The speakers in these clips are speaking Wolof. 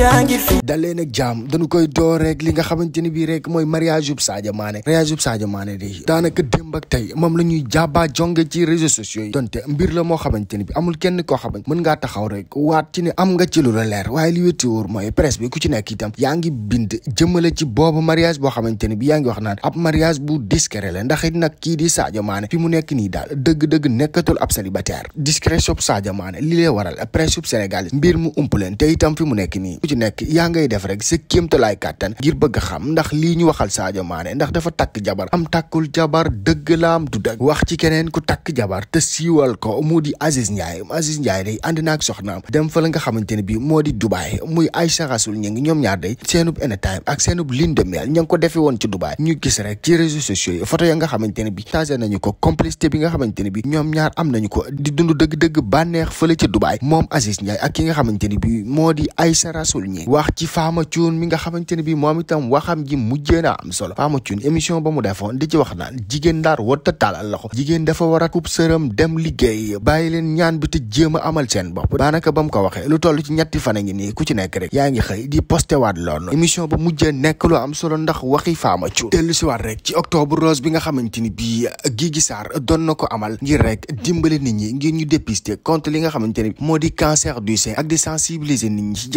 yaa ngi nag jaam dañu koy door rek li nga xamante ni bii rek mooy mariage ub Sadio Mané mariage ub Sadio Mané di daanaka démb tey moom la ñuy jaabaa jonge ci réseaux sociaux yi donte mbir la moo xamante ni bi amul kenn koo xaman mën ngaa taxaw rek waat ci ne am nga ci lu la waaye li wétti wóor mooy presse bi ku ci nekk itam yaa ngi bind jëmale ci boobu mariage boo xamante ni bi yaa ngi wax naan ab mariage bu discret la ndax it nag kii di Sadio Mané fi mu nekk nii daal dëgg-dëgg nekkatul ab célibataire discret sub Sadio Mané li lay waral presse sub Sénégal mbir mu ump itam fi mu nekk nii ci nekk yaa ngay def rek sa kéemtalaay kàttan ngir bëgg xam ndax lii ñu waxal Sadio Mané ndax dafa takk jabar am takkul jabar dëgg laam du dëgg wax ci keneen ku takk jabar te siiwal ko mu di Aziz Ndiaye Aziz Ndiaye day ànd naak soxnaam dem fa nga xamante ne bi moo di Dubaay muy Aïcha Rassoul ñu ngi ñoom ñaar day seenub anytime ak seenub lune de miel ña woon ci Dubaay ñu gis rek ya nga xamante ne bi tagé nañu ko complicité bi nga xamante ne bi ñoom ñaar am nañu ko di dund dëgg-dëgg bànneex fële ca Dubaay moom Aziz Ndiaye ak ki nga xamante ne bi moo di Aïcha neexul ñi wax ci Fama Thioune mi nga xamante ne bii moom itam waxam ji mujjee na am solo Fama émission ba mu defoon di ci wax naan jigéen daar warta taalal loxo jigéen dafa war a kub sëram dem liggéey bàyyi leen ñaan bi te jéem a amal seen bo daanaka ba mu ko waxee lu toll ci ñetti fan a ngi nii ku ci nekk rek yaa ngi xëy di posté waat loolu émission ba mujjee nekk lu am solo ndax waxi Fama Thioune dellu si waat rek ci octobre rose bi nga xamante ni bii Guigui Sarr doon na ko amal ngir rek dimbale nit ñi ngir ñu dépister contre li nga xamante ni moo di cancer du sein ak di sensibiliser nit ñi ci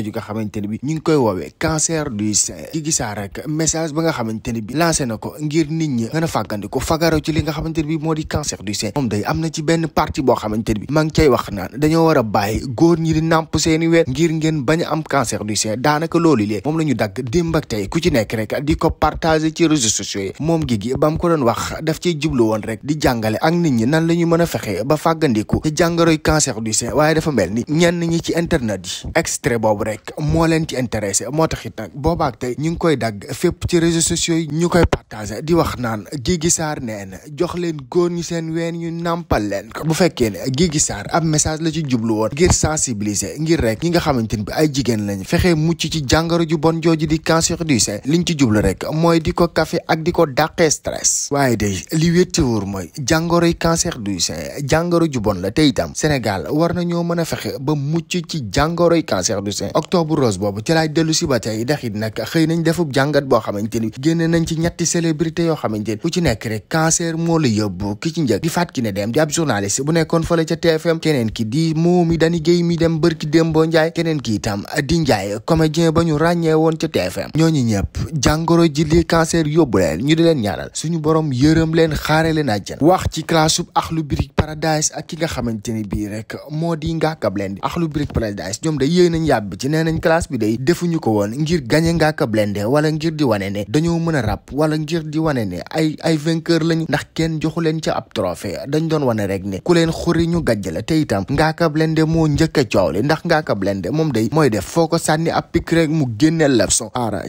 jooju nga xamante ne bi ñu ngi koy woowee cancer du sein ci gisaa rek message ba nga xamante ne bi lancé na ko ngir nit ñi gën a ci li nga xamante ne bi moo di cancer du sein moom day am na ci benn partie boo xamante bi maa ngi cay wax naan dañoo war a bàyyi góor ñi di nàmp seeni ween ngir ngeen bañ a am cancer du sein daanaka loolu moom la ñu dagg démb ak tey ku ci nekk rek di ko partager ci réseaux sociaux moom gi gi ba mu ko doon wax daf ciy jublu woon rek di jàngale ak nit ñi nan la ñu mën a fexe ba fàggandiku ci jàngoroy du waaye dafa mel ni ñenn ñi ci internet yi extrait boobu rek moo leen ci intéressé moo tax it nag boobaak tey ñu ngi koy dagg fépp ci réseaux sociaux yi ñu koy partagé di wax naan Guigui Sarr nee na jox leen góor ñu seen ween ñu nàmpal leen bu fekkee ne Guigui Sarr ab message la ci jublu woon ngir sensibiliser ngir rek ñi nga xamante ni bi ay jigéen lañ fexe mucc ci jàngoro ju bon jooju di cancer du sein liñ ci jublu rek mooy di ko café ak di ko dàqee stress waaye de li wétti wóor mooy jàngoroy cancer du sein jàngoro ju bon la te itam Sénégal war nañoo mën a fexe ba mucc ci jàngoroy cancer du sein octobre rose boobu ci laay dellu si ba tey ndax it nag xëy nañ defub jàngat boo xamante ni génne nañ ci ñetti célébrité yoo xamante ni ku ci nekk rek cancer moo la yóbbu ki ci njëkk di Fatou Kiné Dème di ab journaliste bu nekkoon fële ca TFM keneen ki di Momy Dany Guèye mi dem bërki Dembo Ndiaye keneen ki itam di Ndiaye comédien ba ñu ràññee woon ca TFM ñooñu ñëpp jàngoro ji li cancer yóbbu leen ñu di leen ñaaral suñu borom yërëm leen xaare a àjjana wax ci classe Akhlou Brick ki nga xamante ni bii rek moo di Ngaaka Blindé nee nañ classe bi day defuñu ko woon ngir gañe gagné kab Blindé wala ngir di wane ne dañoo mën a rap wala ngir di wane ne ay ay vainqueur lañ ndax kenn joxu leen ci ab trophée dañ doon wane rek ne ku leen xuri ñu gàjj la te itam Ngaaka Blindé moo njëkk a coow li ndax Ngaaka moom day mooy def foo ko sànni ab pik mu génneel la son aara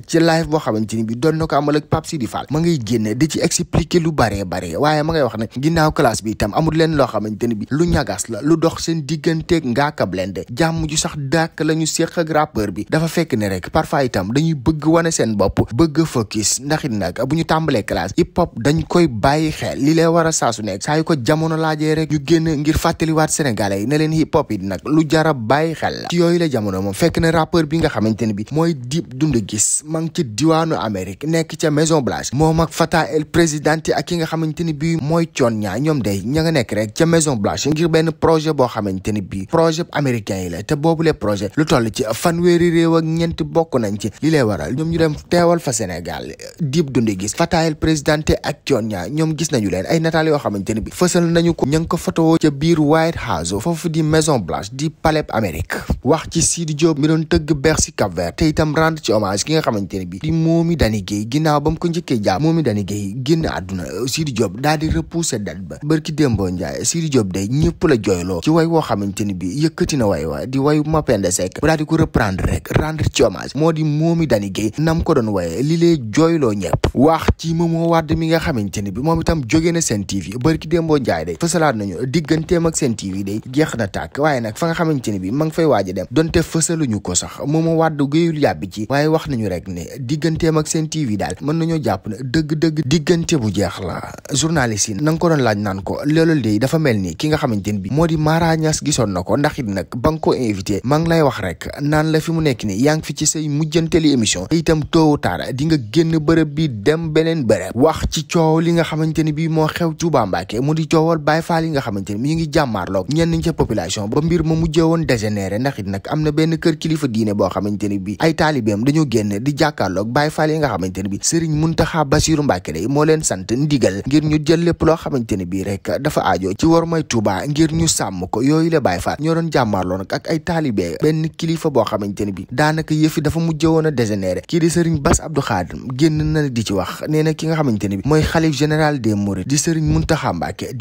boo xamante ni bi doon na ko amal ak Pape Sidi Fall ma ngay génne di ci expliquer lu bare bare waaye ma ngay wax ne ginnaaw classe bi itam amul leen loo xamante ni bi lu ñagas la lu dox seen digganteeg Ngaaka Blindé jàmm ju sax dàkk lañu séq rappeur bi dafa fekk ne rek parfois itam dañuy bëgg wane seen bopp bëgg focus ndax it nag bu ñu tàmbalee classe hip hop dañ koy bàyyi xel li lay war a saa su nekk saa yu ko jamono laajee rek ñu génn ngir fàttaliwaat sénégalais yi ne leen hip hop yi nag lu jara bàyyi xel yooyu la jamono moom fekk ne rappeur bi nga xamante ne bi mooy Dip Doundou gis ma ngi ci diwaanu Amérique nekk ca Maison Blanche moom ak Fata El ak ki nga xamante ni bi mooy coon ñaa ñoom day ña nekk rek ca Maison Blanche ngir benn projet boo xamante ni bi projet américain yi te boobu projet lu toll ci fanweeri réew ak ñeent bokk nañ ci li lay waral ñoom ñu dem teewal fa Sénégal Dip Doundou Guiss Fatahel présidenté ak Kionia ñoom gis na ñu leen ay nataal yoo xamante ni bi fësal nañu ko ña ngi ko fotowoo biir White House foofu di Maison Blanche di Palais Amérique wax ci siid Diop mi doon tëgg Bercy Cap Vert te itam rendre ci hommage ki nga xamante ne bi di Momy Dani Guèye ginnaaw ba mu ko njëkkee jàpp Momy Dani Guèye génn na Sidi Diop daal di repousser date ba bërki démboo Ndiaye Sidi Diop day ñëpp la jooyloo ci way woo xamante ni bi yëkkati na wa di wayu Mapenda Seck bu daal reprendre rek rendre ci hommage moo di Momy Dany Guèye nam ko doon woyee li lee jooyloo ñëpp wax ci Momo Wade mi nga xamante ni bi moom itam jóge na Sen TV barki démboo njaay de fësalaat nañu digganteem ak Sen TV de na tàkk waaye nag fa nga xamante ni bi ma ngi fay waaja dem donte fësaluñu ko sax Momo Wade géeyul yàbbi ci waaye wax nañu rek ne digganteem ak Sen TV daal mën nañoo jàpp dëgg-dëgg diggante bu jeex la journaliste yi na nga ko doon laaj naan ko loolu de dafa mel ni ki nga xamante ni bi moo di Mara Niass gisoon na ko ndax it nag ba ko invité ma ngi lay wax rek naan naan la fi mu nekk nii yaa fi ci say mujjanteli émission itam tôt ou tard di nga génn bërëb bi dem beneen bërëb wax ci coow li nga xamante ni bii moo xew Touba Mbacké mu di coowal Baye Fall yi nga xamante ni mi ngi jàmmaarloog ñenn ñi ca population ba mbir ma mujjee woon dégénéré ndax it nag am na benn kër kilifa diine boo xamante ni bii ay taalibeem dañoo génn di jàkkaarloog bay Fall yi nga xamante ni bii Serigne xa Bassirou Mbacké day mo leen sant ndigal ngir ñu jël lépp loo xamante ni bii rek dafa ajo ci war may tuba ngir ñu sàmm ko yooyu la Baye Fall ñoo doon jàmmaarloo ak boo xamante ni bi daanaka yëf dafa mujje woon a dégénéré kii di sëriñ Bass Abdou Khadre génn na di ci wax nee na ki nga xamante ni bi mooy xalif général des mourides di sëriñ Mountakha Mbacké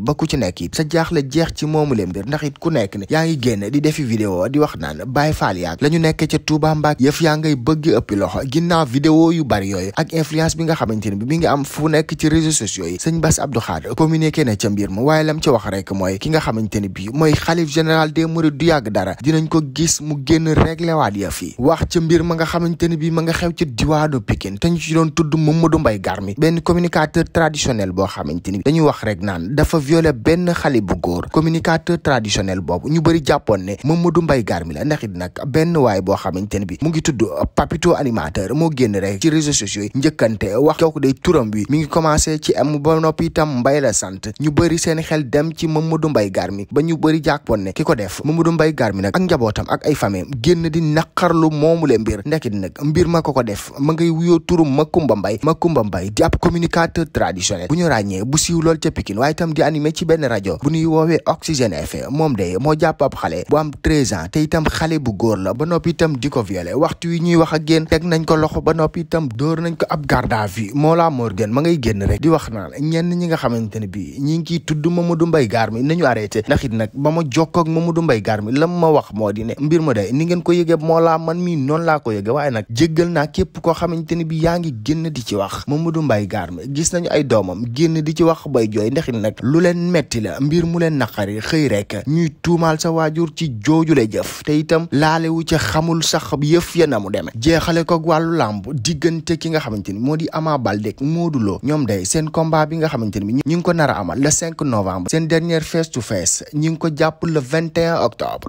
ba ku ci nekk it sa jaaxle jeex ci moomu leen mbir ndax ku nekk ne yaa ngi génn di defi vidéo di wax naan Baye Fall yaag la ñu nekk ca Touba Mbacké yëf yaa ngay bëgg ëppi loxo yu bari yooyu ak bi nga xamante ni bi mi ngi am fu nekk waaye lam ci wax rek mooy ki nga nga xamante ne bii mooy xalif général des mourides du yàgg dara dinañ ko gis mu génn réglé waat ya fi wax ci mbir ma nga xamante ne bii ma nga xew ci diwaanu Pikine te ñu ci doon tudd Mamadou mbay Garmi benn communicateur traditionnel boo xamante ni dañuy wax rek naan dafa violé benn xale bu góor communicateur traditionnel boobu ñu bëri jàppoon ne Mamadou Mbaye Garmi la ndax it nag benn waay boo xamante ne bii mu ngi tudd Papito animateur moo génn rek ci réseaux sociaux yi njëkkante wax kooku day turam bi mi ngi commencé ci am ba noppi itam Mbaye la sant ñu bëri seen xel dem ci Mamadou Mbaye Mbaye Garmi ba ñu bëri jàppoon ne ki ko def Mamadou Mbaye Garmi nag ak njabootam ak ay famille génn di naqarlu moomule mbir ndekki nag mbir ma ko ko def ma ngay wuyoo turum Makumba Mbaye Makumba Mbaye di ab communicateur traditionnel bu ñu ràññee bu siiw lool ca Pikine waaye itam di animé ci benn rajo bu ñuy woowee Oxygène FM moom de moo jàpp ab xale bu am 13 ans te itam xale bu góor la ba noppi itam di ko violé waxtu wi ñuy wax ak yéen nañ ko loxo ba noppi itam dóor nañ ko ab garde à vue Mollah Morgun ma ngay génn di wax naan ñenn ñi nga xamante ne bii ñi ngi ciy tudd Mamadou Mbaye Garmi nañu arrêté ndax it nag ba ma jokkoo ak Mamadou Mbaye Garmi la ma wax moo di ne mbir ma day ni ngeen ko yëgee moo laa man mii noonu laa ko yëgee waaye nag jéggal naa képp koo xamante ne bi yaa ngi génn di ci wax Mamadou Mbaye Garmi gis nañu ay doomam génn di ci wax bay jooy ndax it nag lu leen metti mbir mu leen naqari xëy rek ñuy tuumaal sa waajur ci jooju la jëf te itam laalewu ca xamul sax yëf ya na mu demee jeexale ko wàllu làmb diggante ki nga xamante ni moo di Ama Baldé Modou Lo ñoom day seen combat bi nga xamante ni bi ko nar a amal le 5 seen dernière face fees ñi ngi ko jàpp le 21 octobre.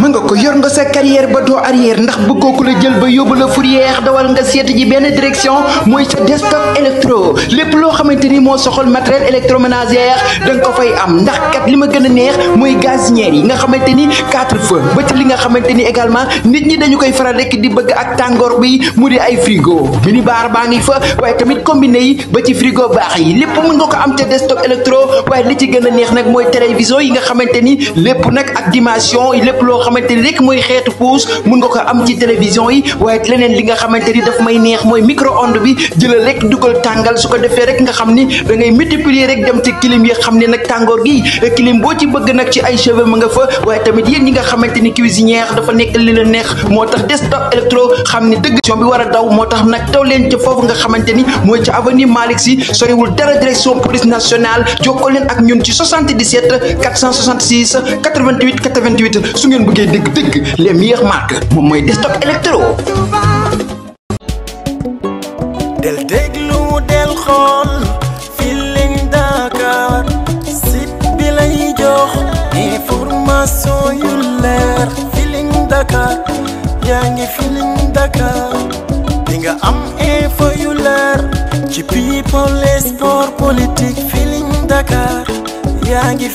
mën nga ko yor nga sa carrière ba doo arrière ndax bëggoo la jël ba yóbbu la fourrière dawal nga seet ji benn direction mooy sa Destock électro lépp loo xamante ni moo soxal matériel électroménager da nga ko fay am ndax kat li ma gën a neex mooy gazinière yi nga xamante ni quatre feux ba li nga xamante ni également nit ñi dañu koy faral rek di bëgg ak tàngoor bi mu di ay frigo mini bar baa ngi fa waaye tamit combiné yi ba ci frigo baax yi lépp mën a neex télévision yi nga xamante ni lépp nag ak dimension lépp loo xamante ni rek mooy xeetu pause mun nga ko am ci télévision yi waaye leneen li nga xamante ni daf may neex mooy micro onde bi jëlal rek dugal tàngal su ko defee rek nga xam ni da multiplier rek dem ci clim yi xam ne nag tàngoor gi clim boo ci bëgg nag ci ay cheveux mu fa waaye tamit yéen nga xamante ni cuisinière dafa nekk li la neex moo tax desktop électro xam ni dëgg bi war daw moo tax nag taw leen ca foofu nga xamante ni mooy ci avenue Malick Sy soriwul dara direction police nationale jokkoo leen 466 88 88 su ngeen bëggee dégg dégg del déglu del xool Feeling Dakar site bi lay jox information yu leer Feeling Dakar yaa ngi Feeling Dakar di am info yu leer ci people sport politique Feeling Dakar yaa ngi